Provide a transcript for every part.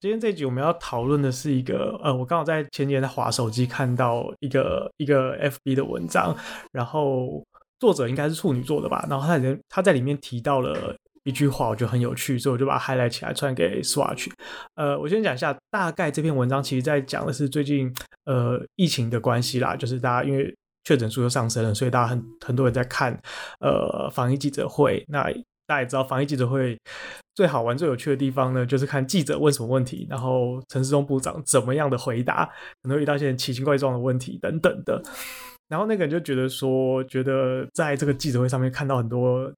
今天這一集我們要討論的是一個呃，我剛好在前幾天在滑手機看到一個一個 FB 的文章，然後作者應該是處女座的吧，然後他他他在裡面提到了一句話，我覺得很有趣，所以我就把它 highlight 起來，傳給 Swatch 去。呃，我先講一下，大概這篇文章其實在講的是最近呃疫情的關係啦，就是大家因為確診數又上升了，所以大家很很多人在看呃防疫記者會那。大家也知道，防疫記者會最好玩、最有趣的地方呢，就是看記者問什麼問題，然後陳時中部長怎麼樣的回答，可能會遇到一些奇形怪狀的問題等等的。然後那個人就覺得說，覺得在這個記者會上面看到很多。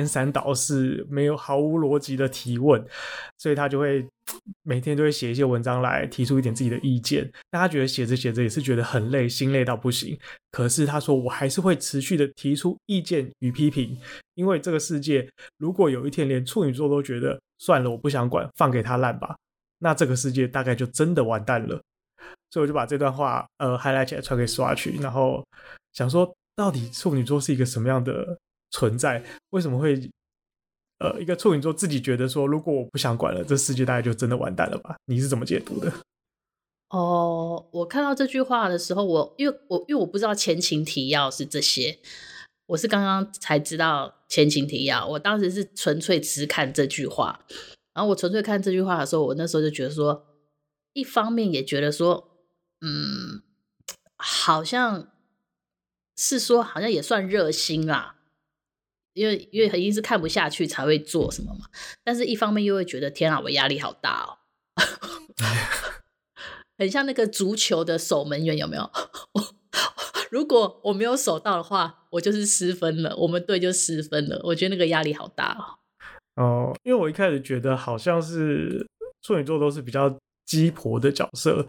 顛三倒四，沒有毫無邏輯的提問，所以他就會每天都會寫一些文章來提出一點自己的意見。但他覺得寫着寫着也是覺得很累，心累到不行。可是他說：“我還是會持續的提出意見與批評，因為這個世界如果有一天連處女座都覺得算了，我不想管，放給他爛吧，那這個世界大概就真的完蛋了。”所以我就把這段話呃 highlight 起來傳給刷去，然後想說，到底處女座是一個什麼樣的？存在為什麼會呃，一個處女座自己覺得說，如果我不想管了，這世界大概就真的完蛋了吧？你是怎麼解讀的？哦，我看到這句話的時候，我因為我因為我不知道前情提要是這些，我是剛剛才知道前情提要。我當時是純粹只看這句話，然後我純粹看這句話的時候，我那時候就覺得說，一方面也覺得說，嗯，好像是說好像也算熱心啦。因為因為很硬是看不下去才會做什麼嘛，但是一方面又會覺得天啊，我壓力好大喔， 很像那個足球的守門員有沒有？如果我沒有守到的話，我就是失分了，我們隊就失分了。我覺得那個壓力好大喔。呃，因為我一開始覺得好像是處女座都是比較雞婆的角色，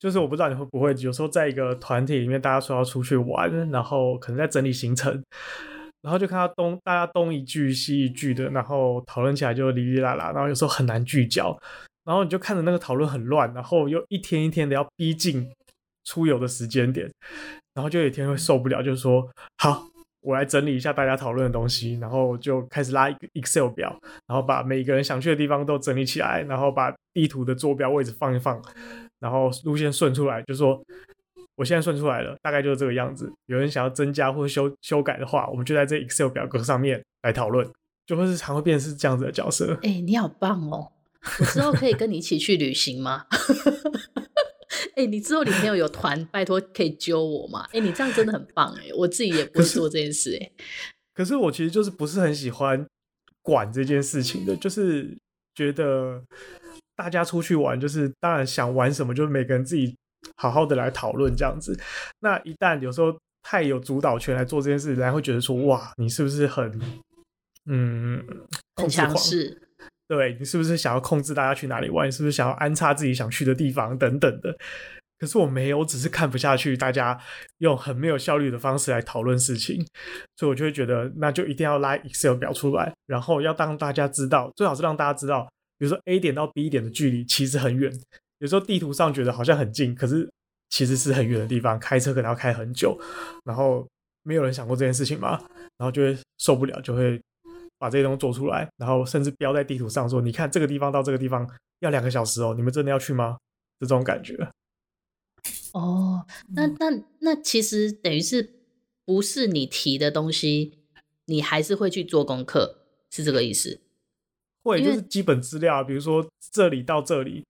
就是我不知道你會不會有時候在一個團體裡面，大家說要出去玩，然後可能在整理行程。然後就看到東大家東一句西一句的，然後討論起來就哩哩啦啦，然後有時候很難聚焦，然後你就看着那個討論很亂，然後又一天一天的要逼近出遊的時間點，然後就有一天會受不了，就是說好，我來整理一下大家討論的東西，然後就開始拉一個 Excel 表，然後把每個人想去的地方都整理起來，然後把地圖的坐標位置放一放，然後路線順出來，就是說。我現在算出來了，大概就是這個樣子。有人想要增加或修修改的話，我們就在這 Excel 表格上面來討論，就會是常會變成是這樣子的角色。哎、欸，你好棒哦、喔！之後可以跟你一起去旅行嗎？哎、 欸，你之後裡面有團， 拜託可以揪我嗎？哎、欸，你這樣真的很棒哎、欸，我自己也不是做這件事哎、欸。可是我其實就是不是很喜歡管這件事情的，就是覺得大家出去玩，就是當然想玩什麼，就是每個人自己。好好的來討論這樣子，那一旦有時候太有主導權來做這件事，人家會覺得說哇，你是不是很嗯控制狂，很強勢？對，你是不是想要控制大家去哪裡玩？你是不是想要安插自己想去的地方等等的？可是我沒有，我只是看不下去大家用很沒有效率的方式來討論事情，所以我就會覺得那就一定要拉 Excel 表出來，然後要讓大家知道，最好是讓大家知道，比如說 A 點到 B 點的距離其實很遠。有時候地圖上覺得好像很近，可是其實是很遠的地方，開車可能要開很久。然後沒有人想過這件事情嘛，然後就會受不了，就會把這些東西做出來，然後甚至標在地圖上說：“你看這個地方到這個地方要兩個小時哦，你們真的要去嗎？”這種感覺。哦，那那那其實等於是不是你提的東西，你還是會去做功課？是這個意思？會，就是基本資料，比如說這裡到這裡。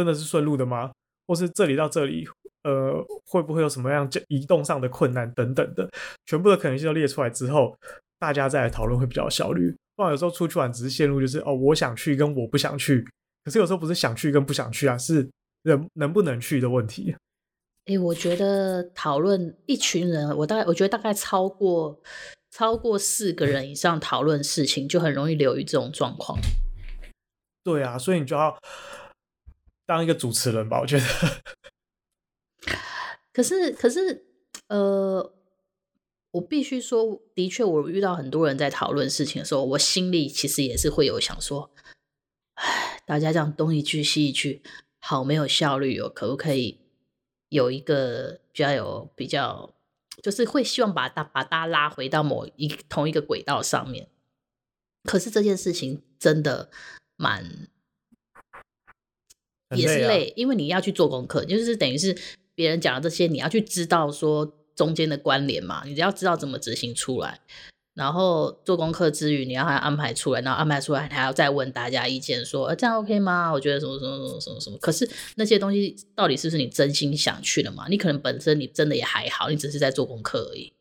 真的是順路的嗎？或是這裡到這裡，呃，會不會有什麼樣移動上的困難等等的？全部的可能性都列出來之後，大家再來討論會比較效率。不然有時候出去玩只是線路就是哦，我想去跟我不想去。可是有時候不是想去跟不想去啊，是能能不能去的問題。哎、欸，我覺得討論一群人，我大概我覺得大概超過超過四個人以上討論事情， 就很容易流於這種狀況。對啊，所以你就要。當一個主持人吧，我覺得。可是，可是，呃，我必須說，的確，我遇到很多人在討論事情的時候，我心裡其實也是會有想說，唉，大家這樣東一句西一句，好沒有效率哦，可不可以有一個比較有比較，就是會希望把大把大家拉回到某一同一個軌道上面。可是這件事情真的蠻。啊、也是累，因為你要去做功課，就是等於是別人講的這些，你要去知道說中間的關聯嘛，你只要知道怎麼執行出來，然後做功課之餘，你要還安排出來，然後安排出來，還要再問大家意見說，說、啊、呃這樣 OK 嗎？我覺得什麼什麼什麼什麼什麼。可是那些東西到底是不是你真心想去的嘛？你可能本身你真的也還好，你只是在做功課而已。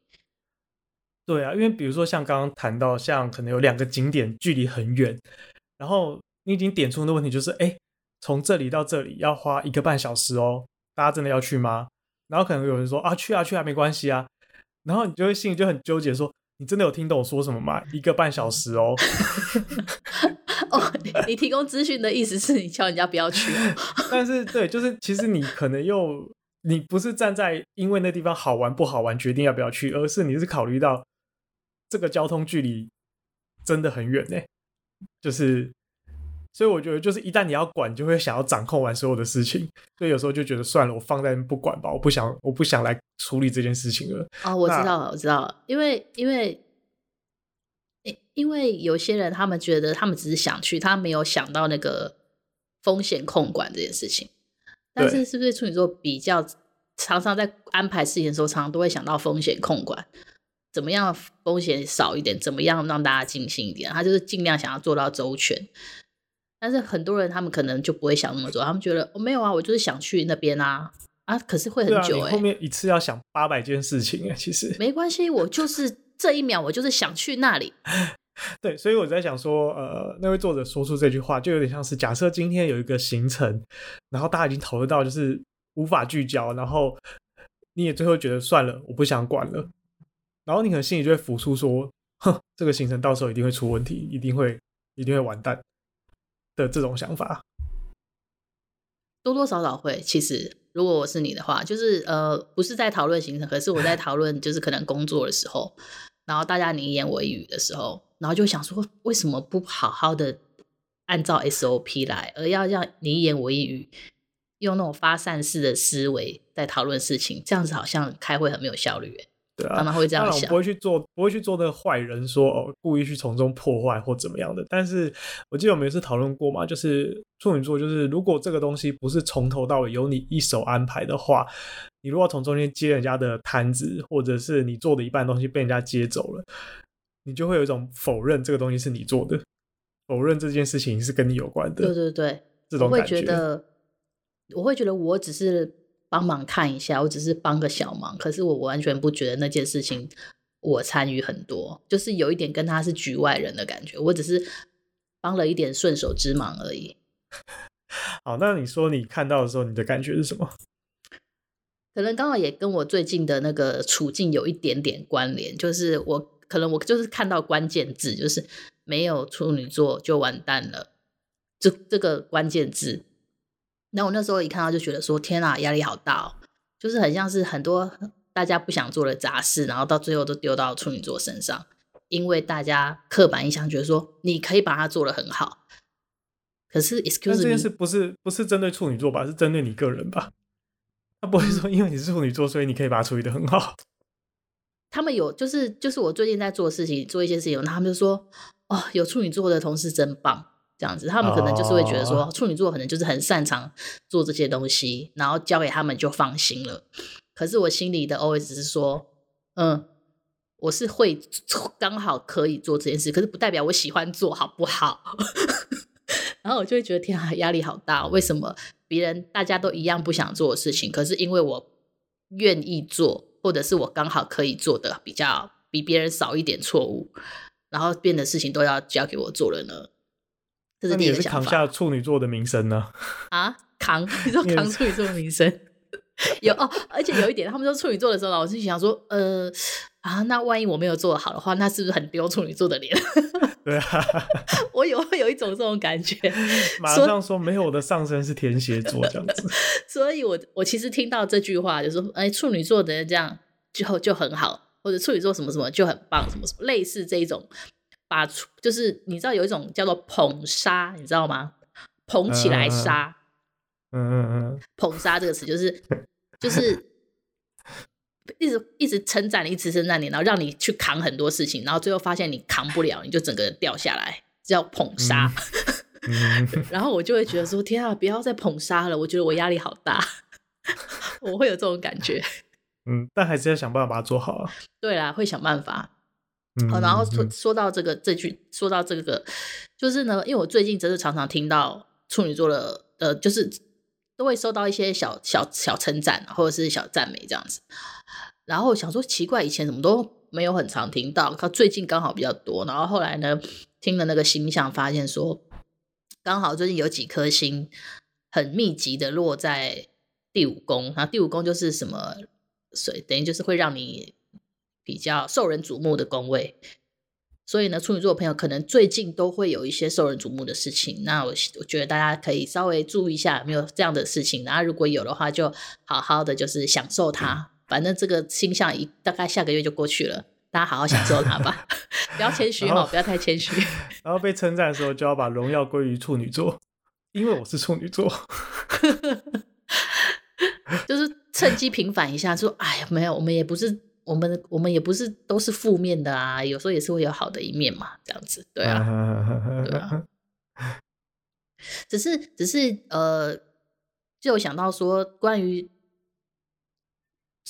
對啊，因為比如說像剛剛談到，像可能有兩個景點距離很遠，然後你已經點出的問題就是，哎、欸。從這裡到這裡要花一個半小時哦，大家真的要去嗎？然後可能有人說，啊，去啊去啊，沒關係啊。然後你就會心裡就很糾結說，說你真的有聽懂我說什麼嗎？一個半小時哦。 哦，你提供資訊的意思是你叫人家不要去。 但是對，就是其實你可能又你不是站在因為那地方好玩不好玩決定要不要去，而是你是考慮到這個交通距離真的很遠呢，就是。所以我覺得，就是一旦你要管，你就會想要掌控完所有的事情，所以有時候就覺得算了，我放在那邊不管吧，我不想，我不想來處理這件事情了。哦，我知道了，那我知道了，因為因為因為有些人他們覺得他們只是想去，他沒有想到那個風險控管這件事情。對。但是是不是處女座比較常常在安排事情的時候，常常都會想到風險控管，怎麼樣風險少一點，怎麼樣讓大家盡興一點，他就是盡量想要做到周全。但是很多人他們可能就不會想那麼多，他們覺得我、哦、沒有啊，我就是想去那邊啊啊，可是會很久哎、欸。啊、後面一次要想八百件事情哎，其實沒關係，我就是這一秒 我就是想去那裡。對，所以我在想說，呃，那位作者說出這句話，就有點像是假設今天有一個行程，然後大家已經討論到就是無法聚焦，然後你也最後覺得算了，我不想管了，然後你可能心裡就會浮出說，哼，這個行程到時候一定會出問題，一定會一定會完蛋。的這種想法，多多少少會。其實，如果我是你的話，就是呃，不是在討論行程，可是我在討論，就是可能工作的時候， 然後大家你一言我一語的時候，然後就想說，為什麼不好好的按照 SOP 來，而要這樣你一言我一語，用那種發散式的思維在討論事情，這樣子好像開會很沒有效率。對啊，當然我不會去做，不會去做那個壞人說，說哦故意去從中破壞或怎麼樣的。但是我記得我們有一次討論過嘛，就是處女座，就是如果這個東西不是從頭到尾由你一手安排的話，你如果從中間接人家的攤子，或者是你做的一半的東西被人家接走了，你就會有一種否認這個東西是你做的，否認這件事情是跟你有關的。對對對，這種感覺我會覺得，我會覺得我只是。幫忙看一下，我只是幫個小忙，可是我完全不覺得那件事情我參與很多，就是有一點跟他是局外人的感覺，我只是幫了一點順手之忙而已。好、哦，那你說你看到的時候，你的感覺是什麼？可能剛好也跟我最近的那個處境有一點點關聯，就是我可能我就是看到關鍵字，就是沒有處女座就完蛋了，這這個關鍵字。那我那時候一看到就覺得說天啊，壓力好大哦，就是很像是很多大家不想做的雜事，然後到最後都丟到處女座身上，因為大家刻板印象覺得說你可以把它做得很好。可是 excuse me，這件事不是，不是針對處女座吧？是針對你個人吧？他不會說因為你是處女座，所以你可以把它處理得很好。他們有就是就是我最近在做的事情做一些事情，然後他們就說哦，有處女座的同事真棒。這樣子，他們可能就是會覺得說，oh. 處女座可能就是很擅長做這些東西，然後交給他們就放心了。可是我心裡的 OS 是說，嗯，我是會剛好可以做這件事，可是不代表我喜歡做好不好。 然後我就會覺得天啊，壓力好大！為什麼別人大家都一樣不想做的事情，可是因為我願意做，或者是我剛好可以做的比較比別人少一點錯誤，然後變的事情都要交給我做了呢？是，你，你也是扛下處女座的名聲呢？啊，扛！你說扛處女座的名聲很 有哦，而且有一點， 他們說處女座的時候，老是想說，呃，啊，那萬一我沒有做好的話，那是不是很丟處女座的臉？ 對啊， 我有有一種這種感覺。 馬上說，沒有我的上升是天蠍座這樣子。 所以我我其實聽到這句話，就說、是，哎、呃，處女座的這樣就就很好，或者處女座什麼什麼就很棒，什麼什麼類似這一種。把，就是你知道有一種叫做捧殺，你知道嗎？捧起來殺，嗯，嗯嗯嗯，捧殺這個詞就是就是一直一直稱讚你，一直稱讚你，然後讓你去扛很多事情，然後最後發現你扛不了，你就整個人掉下來，叫捧殺。嗯嗯， 然後我就會覺得說：天啊，不要再捧殺了！我覺得我壓力好大， 我會有這種感覺。嗯，但還是要想辦法把它做好啊。對啦，會想辦法。好、哦，然後說到這個、嗯嗯、這句，說到這個，就是呢，因為我最近真的常常聽到處女座的，呃，就是都會收到一些小小小稱讚，或者是小讚美這樣子。然後想說奇怪，以前怎麼都沒有很常聽到，可最近剛好比較多。然後後來呢，聽了那個星象，發現說剛好最近有幾顆星很密集的落在第五宮，然後第五宮就是什麼水，等於就是會讓你，比較受人矚目的宮位，所以呢，處女座的朋友可能最近都會有一些受人矚目的事情。那我我覺得大家可以稍微注意一下有沒有這樣的事情。然後如果有的話，就好好的就是享受它。嗯、反正這個星象一大概下個月就過去了，大家好好享受它吧。 不要謙虛哦，後不要太謙虛。然後被稱讚的時候，就要把榮耀歸於處女座， 因為我是處女座， 就是趁機平反一下，說、就是、哎呀，沒有，我們也不是。我們我們也不是都是負面的啊，有時候也是會有好的一面嘛，這樣子。對啊，對啊，只是只是呃，就想到說，關於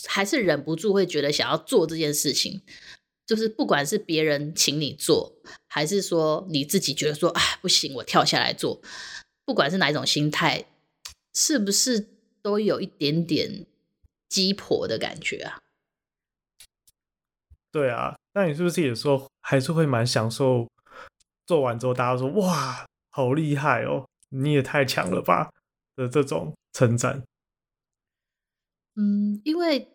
還是忍不住會覺得想要做這件事情，就是不管是別人請你做，還是說你自己覺得說啊不行，我跳下來做，不管是哪一種心態，是不是都有一點點雞婆的感覺啊？對啊，那你是不是有時候還是會蠻享受做完之後，大家說“哇，好厲害哦，你也太強了吧”的這種稱讚？嗯，因為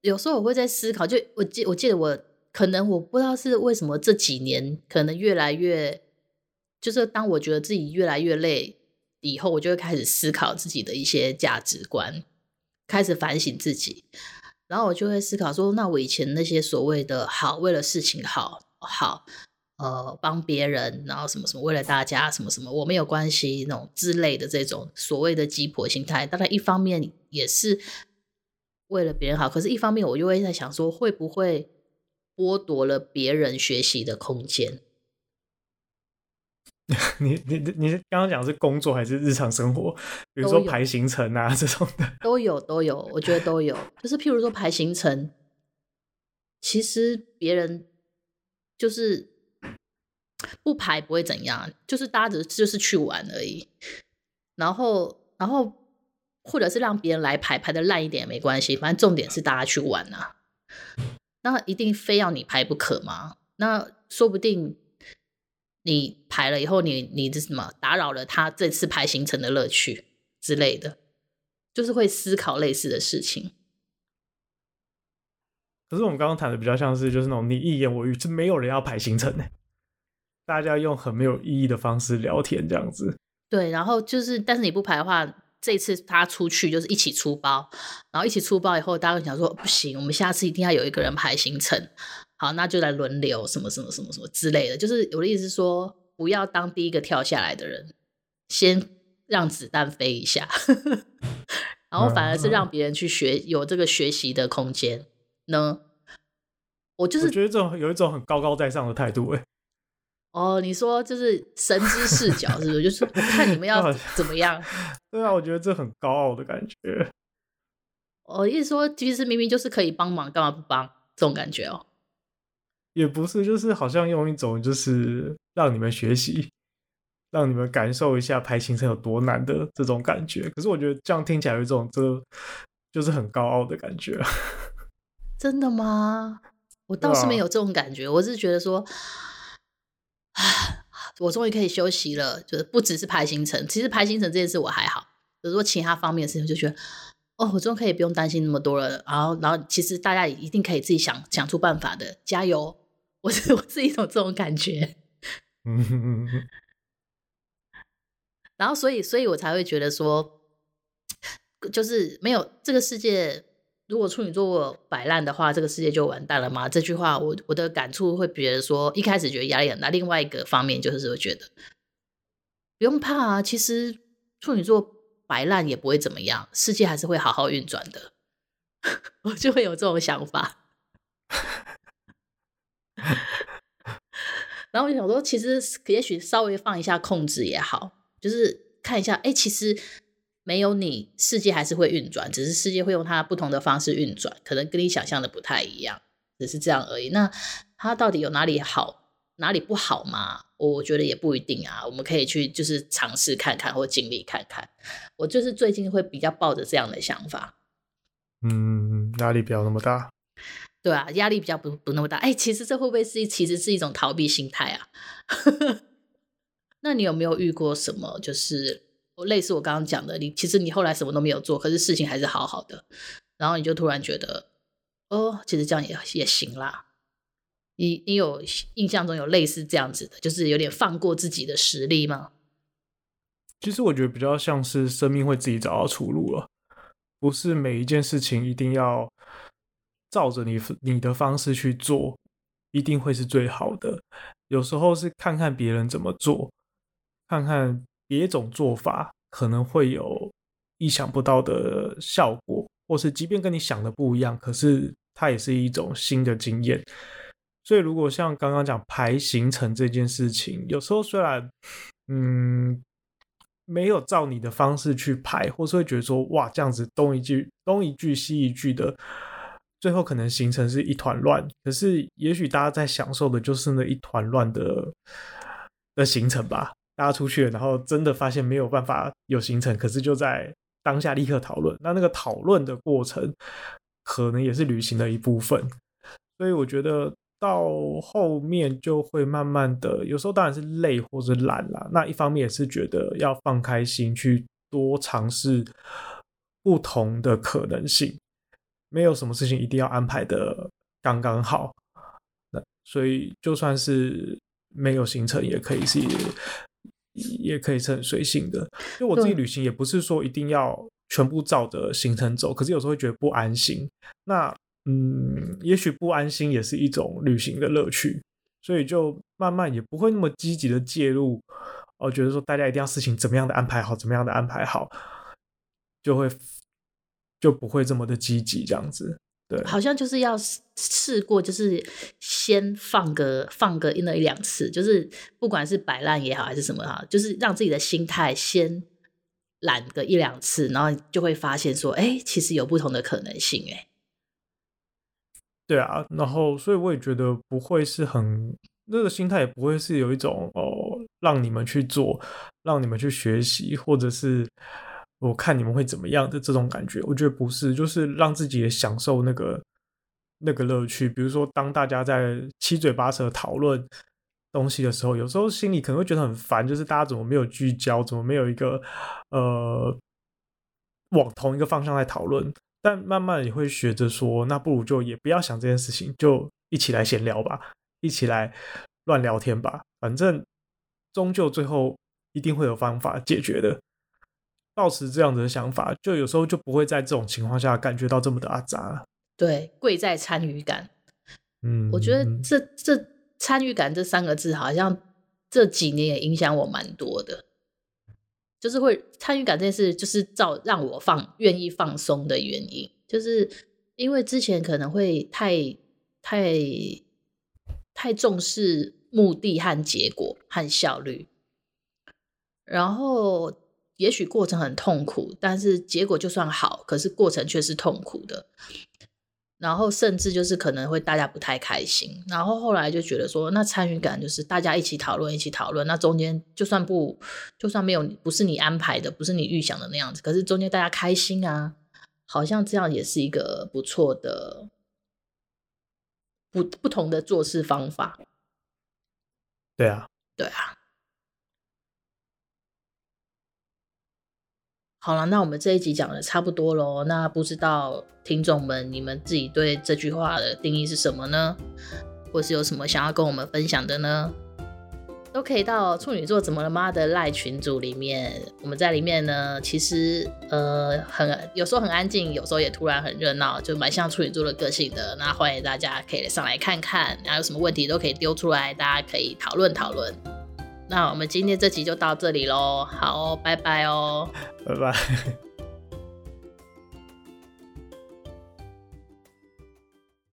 有時候我會在思考，就我記我記得我，可能我不知道是為什麼這幾年，可能越來越就是當我覺得自己越來越累以後，我就會開始思考自己的一些價值觀，開始反省自己。然後我就會思考說，那我以前那些所謂的好，為了事情好，好，呃，幫別人，然後什麼什麼為了大家，什麼什麼我沒有關係那種之類的這種所謂的雞婆心態，當然一方面也是為了別人好，可是一方面我就會在想說，會不會剝奪了別人學習的空間？你你你剛剛講的是工作還是日常生活？比如說排行程啊，有這種的都有，都有，我覺得都有。 就是譬如說排行程，其實別人就是不排不會怎樣，就是大家就是去玩而已。然後然後或者是讓別人來排，排的爛一點也沒關係，反正重點是大家去玩啊。那一定非要你排不可嗎？那說不定，你排了以後你，你你這什麼打擾了他這次排行程的樂趣之類的，就是會思考類似的事情。可是我們剛剛談的比較像是就是那種你一言我語，就沒有人要排行程呢，大家用很沒有意義的方式聊天這樣子。對，然後就是，但是你不排的話，這次他出去就是一起出包，然後一起出包以後，大家會想說不行，我們下次一定要有一個人排行程。好，那就來輪流什麼什麼什麼什麼之類的，就是我的意思是說，不要當第一個跳下來的人，先讓子彈飛一下， 然後反而是讓別人去學，有這個學習的空間呢。我就是我覺得這種有一種很高高在上的態度哎。哦，你說就是神之視角是不是？ 就是看你們要怎麼樣？ 對啊，我覺得這很高傲的感覺。我意思說，其實明明就是可以幫忙，幹嘛不幫？這種感覺哦。也不是，就是好像用一種就是讓你們學習，讓你們感受一下排行程有多難的這種感覺。可是我覺得這樣聽起來有一種就就是很高傲的感覺。真的嗎？我倒是沒有這種感覺，我是覺得說，啊，我終於可以休息了。就是不只是排行程，其實排行程這件事我還好。比如說其他方面的事情，就覺得。哦，我終於可以不用擔心那麼多了。然後，然後其實大家也一定可以自己想想出辦法的。加油！我是我是一種這種感覺。嗯 然後，所以，所以我才會覺得說，就是沒有這個世界，如果處女座擺爛的話，這個世界就完蛋了嘛。這句話，我我的感觸會覺得說，一開始覺得壓力很大。另外一個方面就是我覺得不用怕啊，其實處女座。擺爛也不會怎麼樣，世界還是會好好運轉的。 我就會有這種想法。 然後我就想說，其實也許稍微放一下控制也好，就是看一下，誒、欸，其實沒有你，世界還是會運轉，只是世界會用它不同的方式運轉，可能跟你想象的不太一樣，只是這樣而已。那它到底有哪裡好？哪裡不好嘛？Oh, 我覺得也不一定啊。我們可以去就是嘗試看看，或經歷看看。我就是最近會比較抱着這樣的想法。嗯，壓力不要那麼大。對啊，壓力比較不不那麼大。哎、欸，其實這會不會是其實是一種逃避心態啊？ 那你有沒有遇過什麼，就是類似我剛剛講的？你其實你後來什麼都沒有做，可是事情還是好好的，然後你就突然覺得，哦，其實這樣也也行啦。你你有印象中有類似這樣子的，就是有點放過自己的實力嗎？其實我覺得比較像是生命會自己找到出路了，不是每一件事情一定要照着你你的方式去做，一定會是最好的。有時候是看看別人怎麼做，看看別種做法可能會有意想不到的效果，或是即便跟你想的不一樣，可是它也是一種新的經驗。所以，如果像剛剛講排行程這件事情，有時候雖然，嗯，沒有照你的方式去排，或是會覺得說，哇，這樣子東一句東一句西一句的，最後可能行程是一團亂。可是，也許大家在享受的就是那一團亂的的行程吧。大家出去了，然後真的發現沒有辦法有行程，可是就在當下立刻討論。那那個討論的過程，可能也是旅行的一部分。所以，我覺得。到後面就會慢慢的，有時候當然是累或者懶啦。那一方面也是覺得要放開心去多嘗試不同的可能性，沒有什麼事情一定要安排得剛剛好。那所以就算是沒有行程也可以是，也可以是很隨性的。因為我自己旅行也不是說一定要全部照着行程走，可是有時候會覺得不安心。那。嗯，也許不安心也是一種旅行的樂趣，所以就慢慢也不會那麼積極的介入。哦，覺得說大家一定要事情怎麼樣的安排好，怎麼樣的安排好，就會就不會這麼的積極這樣子。對，好像就是要試過，就是先放個放個一那一兩次，就是不管是擺爛也好還是什麼哈，就是讓自己的心態先懶個一兩次，然後就會發現說，哎，其實有不同的可能性，哎。對啊，然後所以我也覺得不會是很那個心態，也不會是有一種哦讓你們去做，讓你們去學習，或者是我看你們會怎麼樣的這種感覺。我覺得不是，就是讓自己也享受那個那個樂趣。比如說，當大家在七嘴八舌討論東西的時候，有時候心裡可能會覺得很煩，就是大家怎麼沒有聚焦，怎麼沒有一個呃往同一個方向來討論。但慢慢你也會學着說，那不如就也不要想這件事情，就一起來閒聊吧，一起來亂聊天吧，反正終究最後一定會有方法解決的。抱持這樣的想法，就有時候就不會在這種情況下感覺到這麼的阿雜了。對，貴在參與感。嗯，我覺得這這參與感這三個字，好像這幾年也影響我蠻多的。就是會參與感這件事，就是造讓我放願意放鬆的原因，就是因為之前可能會太、太、太重視目的和結果和效率，然後也許過程很痛苦，但是結果就算好，可是過程卻是痛苦的。然後甚至就是可能會大家不太開心，然後後來就覺得說，那參與感就是大家一起討論，一起討論，那中間就算不，就算沒有，不是你安排的，不是你預想的那樣子，可是中間大家開心啊，好像這樣也是一個不錯的，不，不同的做事方法。對啊，對啊。好了，那我們這一集講的差不多嘍。那不知道聽眾們，你們自己對這句話的定義是什麼呢？或是有什麼想要跟我們分享的呢？都可以到處女座怎麼了嗎的賴群組裡面。我們在裡面呢，其實呃很有時候很安靜，有時候也突然很熱鬧，就蠻像處女座的個性的。那歡迎大家可以上來看看，然後有什麼問題都可以丟出來，大家可以討論討論。那我們今天這集就到這裡嘍，好哦，拜拜哦，拜拜。